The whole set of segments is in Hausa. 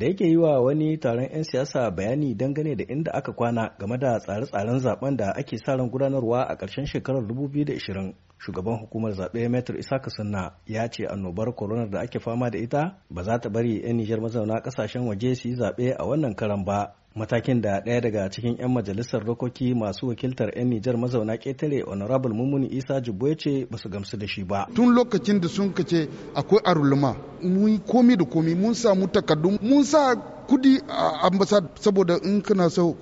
da yake yi wa wani taron 'yan siyasa bayani dangane da inda aka kwana game da tsare-tsaren zaben da ake sa ran gudanarwa a ƙarshen shekarar 2020 shugaban hukumar zaɓe metro isaka sunna ya ce annobar Korona da ake fama da ita ba za ta bari 'yan nijar mazauna ƙasashen waje su yi zaɓe a wannan karan ba matakin da ɗaya daga cikin 'yan majalisar dokoki masu wakiltar 'yan nijar mazauna ƙetare honorable mummuni isa jibbo ce ba su gamsu da shi ba tun lokacin da sun kace akwai arulma mun komi da komi mun samu takardu mun sa kudi a ambasad saboda in kana so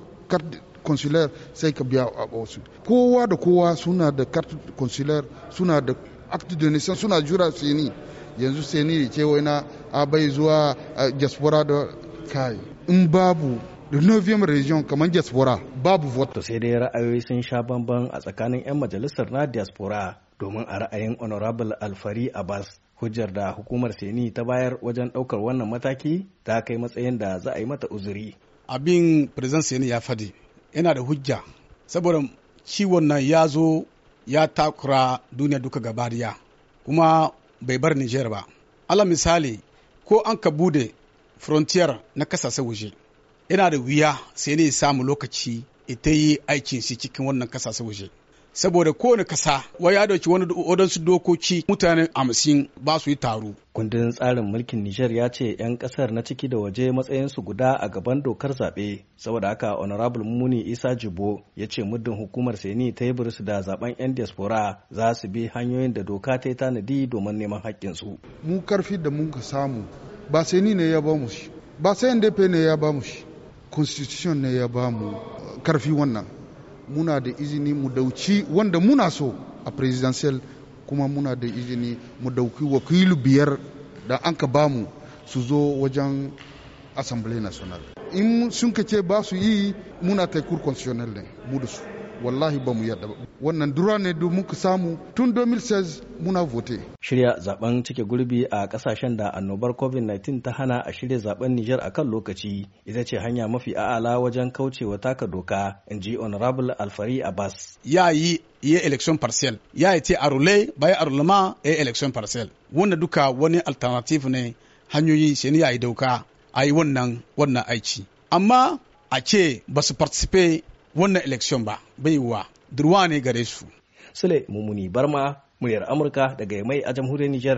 consulaire sai ka biya a wasu kowa da kowa suna da carte consular suna da acte de naissance suna jura seni yanzu seni ce a abai zuwa diaspora da kai in babu da noviyar region kamar diaspora babu voto sai dai ra'ayoyi sun sha bamban a tsakanin 'yan majalisar na diaspora domin a ra'ayin honorable alfari abbas hujjar da hukumar seni ta bayar wajen ɗaukar wannan mataki ta kai matsayin da za a yi mata uzuri abin president seni ya fadi yana da hujja saboda ciwon nan ya zo ya takura duniya duka gabariya kuma bai bar Nijar ba. Ala misali ko an ka bude frontier na kasashe waje yana da wuya sai ne samu lokaci ita yi aikin shi cikin wannan kasashe waje. saboda kowane kasa wai ya dauki wani wadansu dokoki mutane hamsin ba su yi taro kundin tsarin mulkin Nijar ya ce 'yan kasar na ciki da waje matsayinsu guda a gaban dokar zaɓe saboda haka honorable muni isa jibo ya ce muddin hukumar seni ta yi buris da zaben 'yan diaspora za su bi hanyoyin da doka ta yi tanadi domin neman haƙƙinsu mu karfi da mun ka samu ba seni ne ya ba shi ba sai ne ya ba shi constitution ne ya ba karfi wannan muna da izini mu dauci wanda muna so a presidential kuma muna da izini mu dauki wakilu biyar da an ka bamu su zo wajen assemblée national in sun ka ba su yi muna kai cour constitutionnel ne mu da su wallahi ba mu yadda ba wannan dura ne domin samu tun 2016 muna vote shirya zaben cike gurbi a kasashen da annobar covid-19 ta hana a shirya zaben Niger a kan lokaci ita ce hanya mafi a'ala wajen kaucewa taka doka in ji honorable alfari abbas ya yi ya election parcel ya yi ce a rule bai a ma ya election parcel wanda duka wani alternative ne hanyoyi sai ya yi doka a yi wannan wannan aiki amma a ce ba su participate wannan election ba bai wa durwa ne gare su sule mumuni barma muryar amurka daga mai a jamhuriyar niger